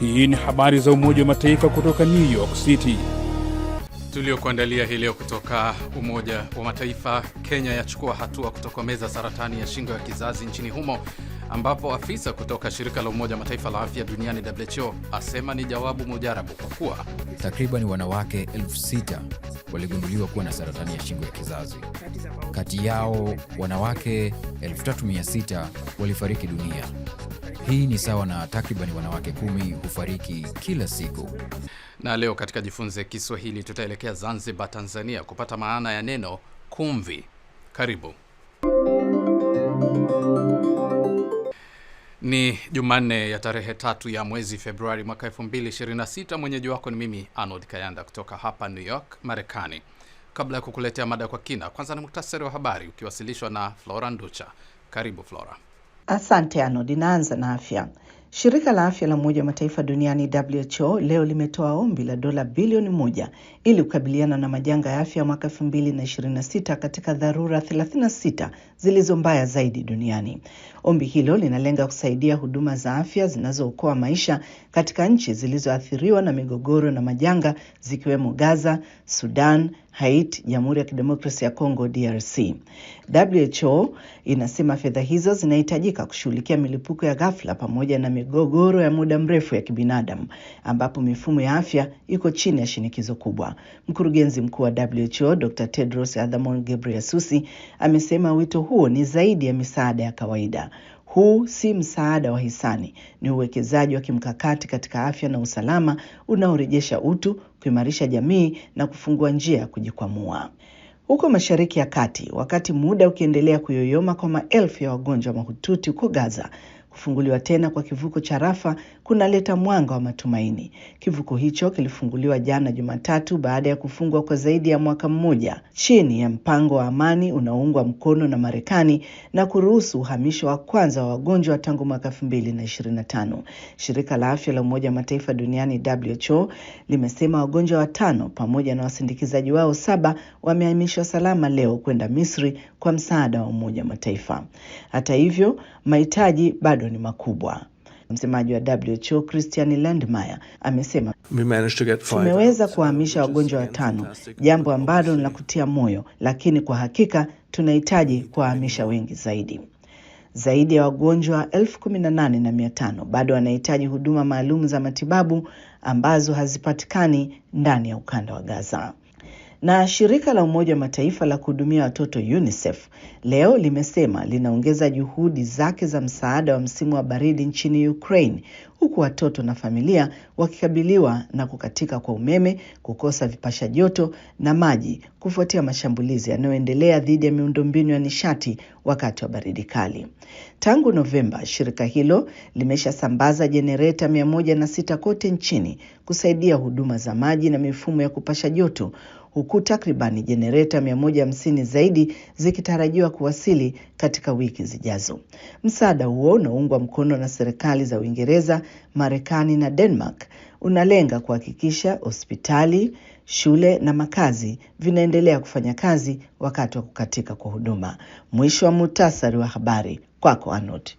Hii ni habari za Umoja wa Mataifa kutoka New York City tuliokuandalia hii leo kutoka Umoja wa Mataifa. Kenya yachukua hatua kutokomeza saratani ya shingo ya kizazi nchini humo, ambapo afisa kutoka shirika la Umoja wa Mataifa la afya duniani WHO asema ni jawabu mujarabu, kwa kuwa takriban wanawake elfu sita waligunduliwa kuwa na saratani ya shingo ya kizazi. Kati yao wanawake 3600 walifariki dunia. Hii ni sawa na takribani wanawake kumi hufariki kila siku. Na leo katika Jifunze Kiswahili tutaelekea Zanzibar, Tanzania kupata maana ya neno kumvi. Karibu. Ni Jumanne ya tarehe tatu ya mwezi Februari mwaka 226 Mwenyeji wako ni mimi Arnold Kayanda kutoka hapa New York, Marekani. Kabla ya kukuletea mada kwa kina, kwanza ni muktasari wa habari ukiwasilishwa na Flora Nducha. Karibu Flora. Asante Ano, ninaanza na afya. Shirika la afya la Umoja wa Mataifa duniani WHO leo limetoa ombi la dola bilioni moja ili kukabiliana na majanga ya afya mwaka sita katika dharura 36 zilizo mbaya zaidi duniani. Ombi hilo linalenga kusaidia huduma za afya zinazookoa maisha katika nchi zilizoathiriwa na migogoro na majanga zikiwemo Gaza, Sudan, Haiti, Jamhuri ya Kidemokrasia ya Kongo DRC. WHO inasema fedha hizo zinahitajika kushughulikia milipuko ya ghafla pamoja na migogoro ya muda mrefu ya kibinadamu ambapo mifumo ya afya iko chini ya shinikizo kubwa. Mkurugenzi mkuu wa WHO Dr. Tedros Adhanom Ghebreyesus amesema wito huu ni zaidi ya misaada ya kawaida. Huu si msaada wa hisani, ni uwekezaji wa kimkakati katika afya na usalama unaorejesha utu, kuimarisha jamii na kufungua njia ya kujikwamua. Huko Mashariki ya Kati, wakati muda ukiendelea kuyoyoma kwa maelfu ya wagonjwa mahututi huko Gaza, Kufunguliwa tena kwa kivuko cha Rafa kunaleta mwanga wa matumaini. Kivuko hicho kilifunguliwa jana Jumatatu baada ya kufungwa kwa zaidi ya mwaka mmoja chini ya mpango wa amani unaoungwa mkono na Marekani na kuruhusu uhamisho wa kwanza wa wagonjwa tangu mwaka 2025. Shirika la Afya la Umoja wa Mataifa duniani WHO limesema wagonjwa watano pamoja na wasindikizaji wao saba wamehamishwa salama leo kwenda Misri kwa msaada wa Umoja wa Mataifa. Hata hivyo, mahitaji bado bado ni makubwa. Msemaji wa WHO Christian Landmeyer amesema tumeweza kuwahamisha wagonjwa watano, jambo ambalo ni la kutia moyo, lakini kwa hakika tunahitaji kuwahamisha wengi zaidi. Zaidi ya wagonjwa elfu kumi na nane na mia tano bado wanahitaji huduma maalum za matibabu ambazo hazipatikani ndani ya ukanda wa Gaza. Na shirika la Umoja wa Mataifa la kuhudumia watoto UNICEF leo limesema linaongeza juhudi zake za msaada wa msimu wa baridi nchini Ukraine, huku watoto na familia wakikabiliwa na kukatika kwa umeme, kukosa vipasha joto na maji kufuatia mashambulizi yanayoendelea dhidi ya miundombinu ya nishati wakati wa baridi kali. Tangu Novemba, shirika hilo limeshasambaza jenereta 106 kote nchini kusaidia huduma za maji na mifumo ya kupasha joto huku takribani jenereta 150 zaidi zikitarajiwa kuwasili katika wiki zijazo. Msaada huo unaungwa mkono na serikali za Uingereza, Marekani na Denmark unalenga kuhakikisha hospitali, shule na makazi vinaendelea kufanya kazi wakati wa kukatika kwa huduma. Mwisho wa muhtasari wa habari, kwako Arnold.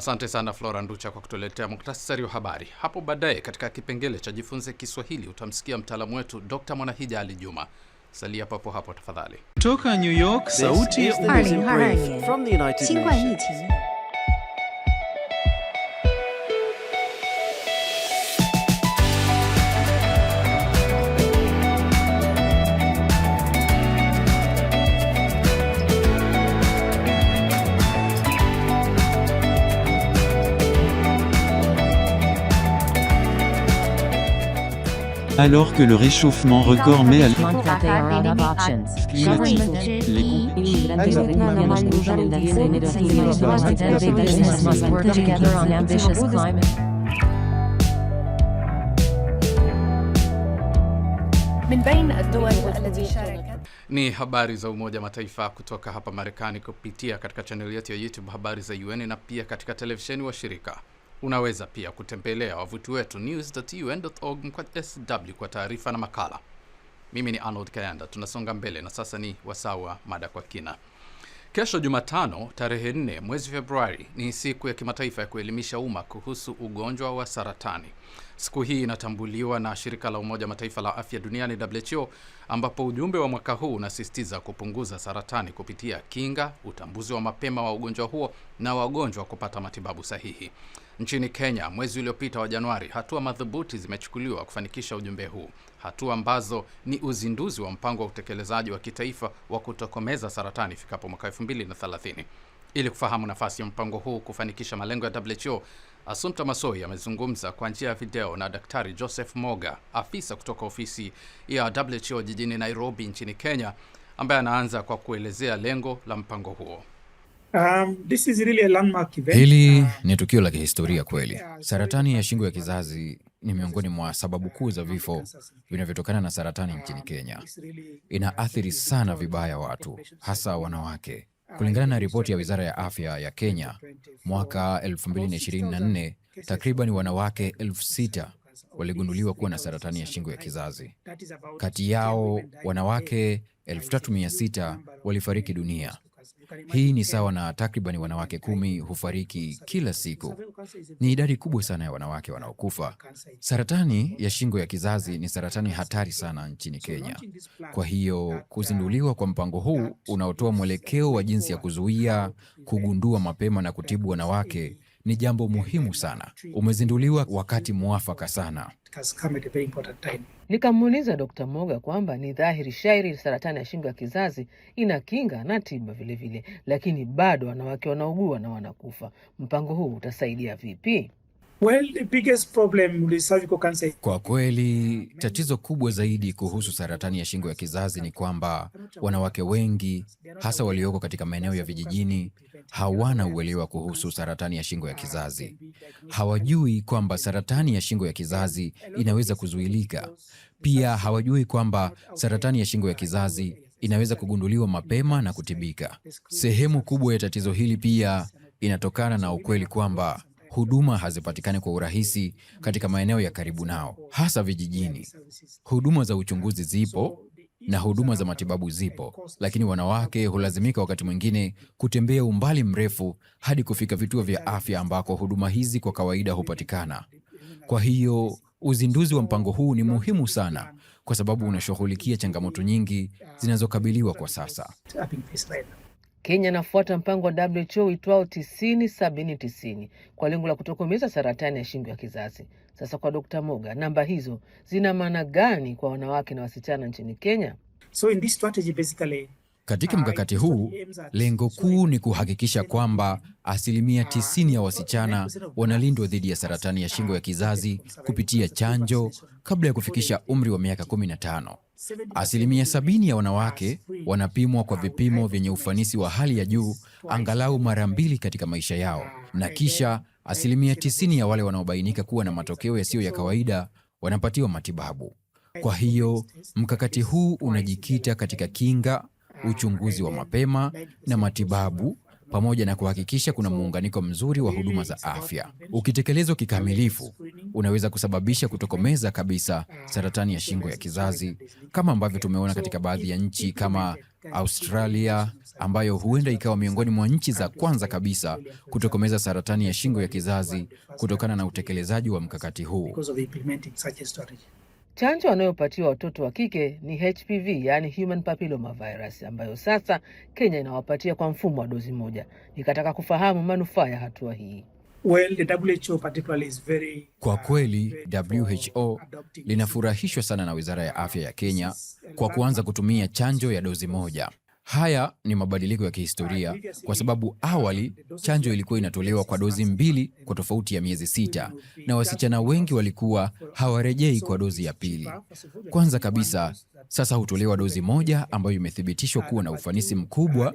Asante sana Flora Nducha kwa kutuletea muktasari wa habari. Hapo baadaye katika kipengele cha jifunze Kiswahili utamsikia mtaalamu wetu Dr. Mwanahija Ali Juma. Salia papo hapo tafadhali. Kutoka New York, sauti ya alors que le réchauffement record met à ni habari za Umoja wa Mataifa kutoka hapa Marekani kupitia katika chaneli yetu ya YouTube habari za UN na pia katika televisheni wa shirika Unaweza pia kutembelea wavuti wetu news.un.org sw kwa taarifa na makala. Mimi ni Arnold Kayanda. Tunasonga mbele na sasa ni wasaa wa mada kwa kina. Kesho Jumatano tarehe nne mwezi Februari ni siku ya kimataifa ya kuelimisha umma kuhusu ugonjwa wa saratani. Siku hii inatambuliwa na shirika la Umoja Mataifa la afya duniani WHO, ambapo ujumbe wa mwaka huu unasisitiza kupunguza saratani kupitia kinga, utambuzi wa mapema wa ugonjwa huo na wagonjwa kupata matibabu sahihi. Nchini Kenya, mwezi uliopita wa Januari, hatua madhubuti zimechukuliwa kufanikisha ujumbe huu, hatua ambazo ni uzinduzi wa mpango wa utekelezaji wa kitaifa wa kutokomeza saratani ifikapo mwaka 2030. Ili kufahamu nafasi ya mpango huu kufanikisha malengo ya WHO, asumta masoi amezungumza kwa njia ya video na Daktari Joseph Moga, afisa kutoka ofisi ya WHO jijini Nairobi nchini Kenya, ambaye anaanza kwa kuelezea lengo la mpango huo. Um, this is really a landmark event. Hili uh, ni tukio la kihistoria kweli. Saratani ya shingo ya kizazi ni miongoni mwa sababu kuu za vifo vinavyotokana na saratani nchini um, Kenya. Inaathiri sana vibaya watu, hasa wanawake. Kulingana na ripoti ya Wizara ya Afya ya Kenya mwaka 2024, takriban wanawake elfu sita waligunduliwa kuwa na saratani ya shingo ya kizazi. Kati yao wanawake 3600 walifariki dunia. Hii ni sawa na takribani wanawake kumi hufariki kila siku. Ni idadi kubwa sana ya wanawake wanaokufa. Saratani ya shingo ya kizazi ni saratani hatari sana nchini Kenya. Kwa hiyo uh, kuzinduliwa kwa mpango huu unaotoa mwelekeo wa jinsi ya kuzuia, kugundua mapema na kutibu wanawake ni jambo muhimu sana. Umezinduliwa wakati mwafaka sana. Nikamuuliza Dkt. Moga kwamba ni dhahiri shairi saratani ya shingo ya kizazi ina kinga na tiba vilevile, lakini bado wanawake wanaugua na wanakufa. Mpango huu utasaidia vipi? Kwa kweli tatizo kubwa zaidi kuhusu saratani ya shingo ya kizazi ni kwamba wanawake wengi hasa walioko katika maeneo ya vijijini hawana uelewa kuhusu saratani ya shingo ya kizazi. Hawajui kwamba saratani ya shingo ya kizazi inaweza kuzuilika. Pia hawajui kwamba saratani ya shingo ya kizazi inaweza kugunduliwa mapema na kutibika. Sehemu kubwa ya tatizo hili pia inatokana na ukweli kwamba huduma hazipatikani kwa urahisi katika maeneo ya karibu nao, hasa vijijini. Huduma za uchunguzi zipo na huduma za matibabu zipo, lakini wanawake hulazimika wakati mwingine kutembea umbali mrefu hadi kufika vituo vya afya ambako huduma hizi kwa kawaida hupatikana. Kwa hiyo uzinduzi wa mpango huu ni muhimu sana kwa sababu unashughulikia changamoto nyingi zinazokabiliwa kwa sasa. Kenya inafuata mpango wa WHO uitwao tisini sabini tisini kwa lengo la kutokomeza saratani ya shingo ya kizazi. Sasa kwa Dr. Moga, namba hizo zina maana gani kwa wanawake na wasichana nchini Kenya? So in this strategy basically katika mkakati huu, lengo kuu ni kuhakikisha kwamba asilimia 90 ya wasichana wanalindwa dhidi ya saratani ya shingo ya kizazi kupitia chanjo kabla ya kufikisha umri wa miaka 15. Asilimia sabini ya wanawake wanapimwa kwa vipimo vyenye ufanisi wa hali ya juu angalau mara mbili katika maisha yao, na kisha asilimia tisini ya wale wanaobainika kuwa na matokeo yasiyo ya kawaida wanapatiwa matibabu. Kwa hiyo mkakati huu unajikita katika kinga uchunguzi wa mapema na matibabu pamoja na kuhakikisha kuna muunganiko mzuri wa huduma za afya. Ukitekelezwa kikamilifu, unaweza kusababisha kutokomeza kabisa saratani ya shingo ya kizazi, kama ambavyo tumeona katika baadhi ya nchi kama Australia, ambayo huenda ikawa miongoni mwa nchi za kwanza kabisa kutokomeza saratani ya shingo ya kizazi kutokana na utekelezaji wa mkakati huu. Chanjo wanayopatiwa watoto wa kike ni HPV, yaani human papilloma virus, ambayo sasa Kenya inawapatia kwa mfumo wa dozi moja. Nikataka kufahamu manufaa ya hatua hii. Well, the WHO particularly is very, kwa uh, kweli WHO linafurahishwa sana na Wizara ya Afya ya Kenya kwa kuanza kutumia chanjo ya dozi moja Haya ni mabadiliko ya kihistoria kwa sababu awali chanjo ilikuwa inatolewa kwa dozi mbili kwa tofauti ya miezi sita, na wasichana wengi walikuwa hawarejei kwa dozi ya pili. Kwanza kabisa, sasa hutolewa dozi moja ambayo imethibitishwa kuwa na ufanisi mkubwa.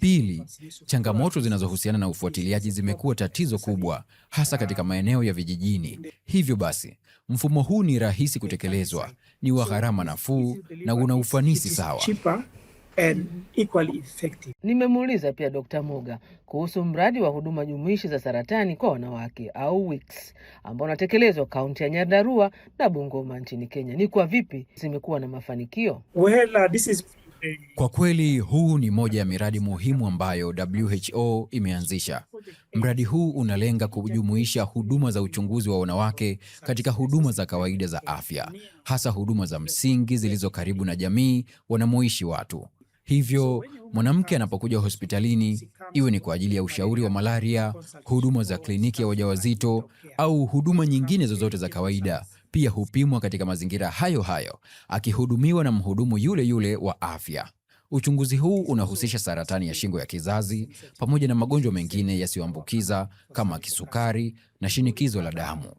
Pili, changamoto zinazohusiana na ufuatiliaji zimekuwa tatizo kubwa, hasa katika maeneo ya vijijini. Hivyo basi, mfumo huu ni rahisi kutekelezwa, ni wa gharama nafuu na una ufanisi sawa and equally effective. Nimemuuliza pia Dr. Muga kuhusu mradi wa huduma jumuishi za saratani kwa wanawake au WICS ambao unatekelezwa kaunti ya Nyandarua na Bungoma nchini Kenya. Ni kwa vipi zimekuwa na mafanikio? Well, uh, this is... Kwa kweli huu ni moja ya miradi muhimu ambayo WHO imeanzisha. Mradi huu unalenga kujumuisha huduma za uchunguzi wa wanawake katika huduma za kawaida za afya, hasa huduma za msingi zilizo karibu na jamii wanamoishi watu. Hivyo mwanamke anapokuja hospitalini, iwe ni kwa ajili ya ushauri wa malaria, huduma za kliniki ya wajawazito au huduma nyingine zozote za kawaida, pia hupimwa katika mazingira hayo hayo, akihudumiwa na mhudumu yule yule wa afya. Uchunguzi huu unahusisha saratani ya shingo ya kizazi pamoja na magonjwa mengine yasiyoambukiza kama kisukari na shinikizo la damu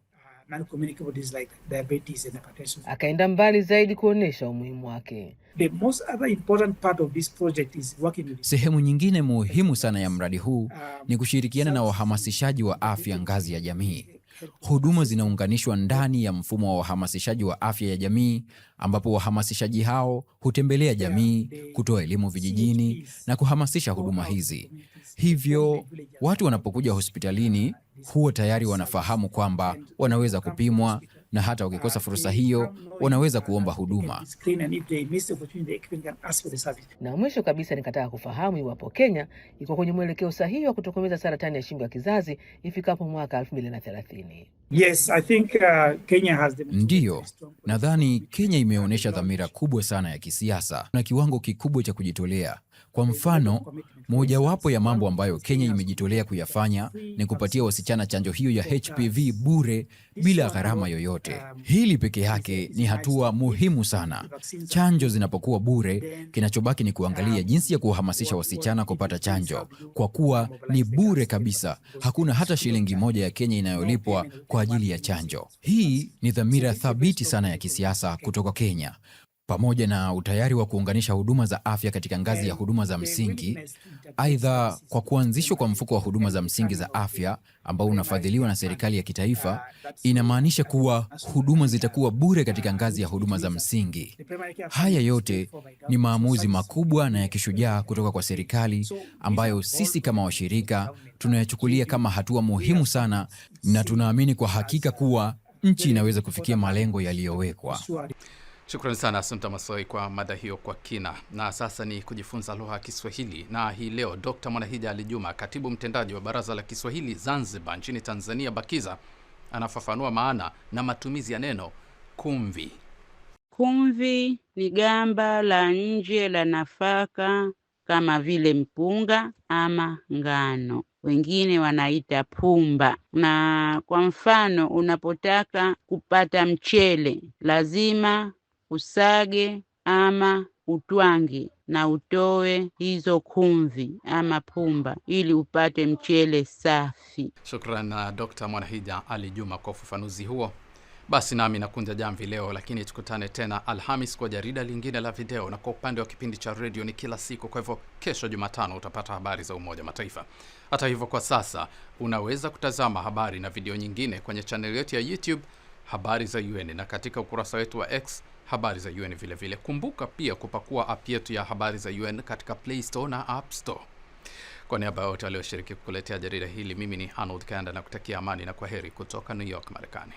non-communicable disease like diabetes and hypertension. Akaenda mbali zaidi kuonesha umuhimu wake. The most other important part of this project is working with... Sehemu nyingine muhimu sana ya mradi huu um, ni kushirikiana na wahamasishaji wa afya ngazi ya jamii. Huduma zinaunganishwa ndani ya mfumo wa wahamasishaji wa afya ya jamii, ambapo wahamasishaji hao hutembelea jamii, kutoa elimu vijijini na kuhamasisha huduma hizi. Hivyo watu wanapokuja hospitalini huwa tayari wanafahamu kwamba wanaweza kupimwa na hata wakikosa uh, fursa hiyo wanaweza uh, kuomba huduma. Na mwisho kabisa, nikataka kufahamu iwapo Kenya iko kwenye mwelekeo sahihi wa kutokomeza saratani ya shingo ya kizazi ifikapo mwaka 2030. Yes, I think, uh, Kenya has the... Ndiyo, nadhani Kenya imeonyesha dhamira kubwa sana ya kisiasa na kiwango kikubwa cha kujitolea kwa mfano, mojawapo ya mambo ambayo Kenya imejitolea kuyafanya ni kupatia wasichana chanjo hiyo ya HPV bure bila gharama yoyote. Hili peke yake ni hatua muhimu sana. Chanjo zinapokuwa bure, kinachobaki ni kuangalia jinsi ya kuwahamasisha wasichana kupata chanjo, kwa kuwa ni bure kabisa. Hakuna hata shilingi moja ya Kenya inayolipwa kwa ajili ya chanjo. Hii ni dhamira thabiti sana ya kisiasa kutoka Kenya pamoja na utayari wa kuunganisha huduma za afya katika ngazi ya huduma za msingi, aidha kwa kuanzishwa kwa mfuko wa huduma za msingi za afya ambao unafadhiliwa na serikali ya kitaifa, uh, inamaanisha kuwa huduma zitakuwa bure katika ngazi ya huduma za msingi. Haya yote ni maamuzi makubwa na ya kishujaa kutoka kwa serikali ambayo sisi kama washirika tunayachukulia kama hatua muhimu sana, na tunaamini kwa hakika kuwa nchi inaweza kufikia malengo yaliyowekwa. Shukrani sana Asumta Masoi kwa mada hiyo kwa kina. Na sasa ni kujifunza lugha ya Kiswahili, na hii leo Dr. Mwanahija Ali Juma, katibu mtendaji wa Baraza la Kiswahili Zanzibar nchini Tanzania, BAKIZA, anafafanua maana na matumizi ya neno kumvi. Kumvi ni gamba la nje la nafaka kama vile mpunga ama ngano, wengine wanaita pumba. Na kwa mfano, unapotaka kupata mchele lazima usage ama utwange na utoe hizo kumvi ama pumba ili upate mchele safi. Shukran uh, Dr. Mwanahija Ali Juma kwa ufafanuzi huo. Basi nami nakunja jamvi leo, lakini tukutane tena Alhamis kwa jarida lingine la video, na kwa upande wa kipindi cha redio ni kila siku. Kwa hivyo, kesho Jumatano utapata habari za Umoja Mataifa. Hata hivyo, kwa sasa unaweza kutazama habari na video nyingine kwenye chaneli yetu ya YouTube habari za UN na katika ukurasa wetu wa X habari za UN vilevile vile. Kumbuka pia kupakua app yetu ya habari za UN katika Play Store na App Store. Kwa niaba ya wote walioshiriki kukuletea jarida hili, mimi ni Arnold Kanda na kutakia amani na kwaheri kutoka New York, Marekani.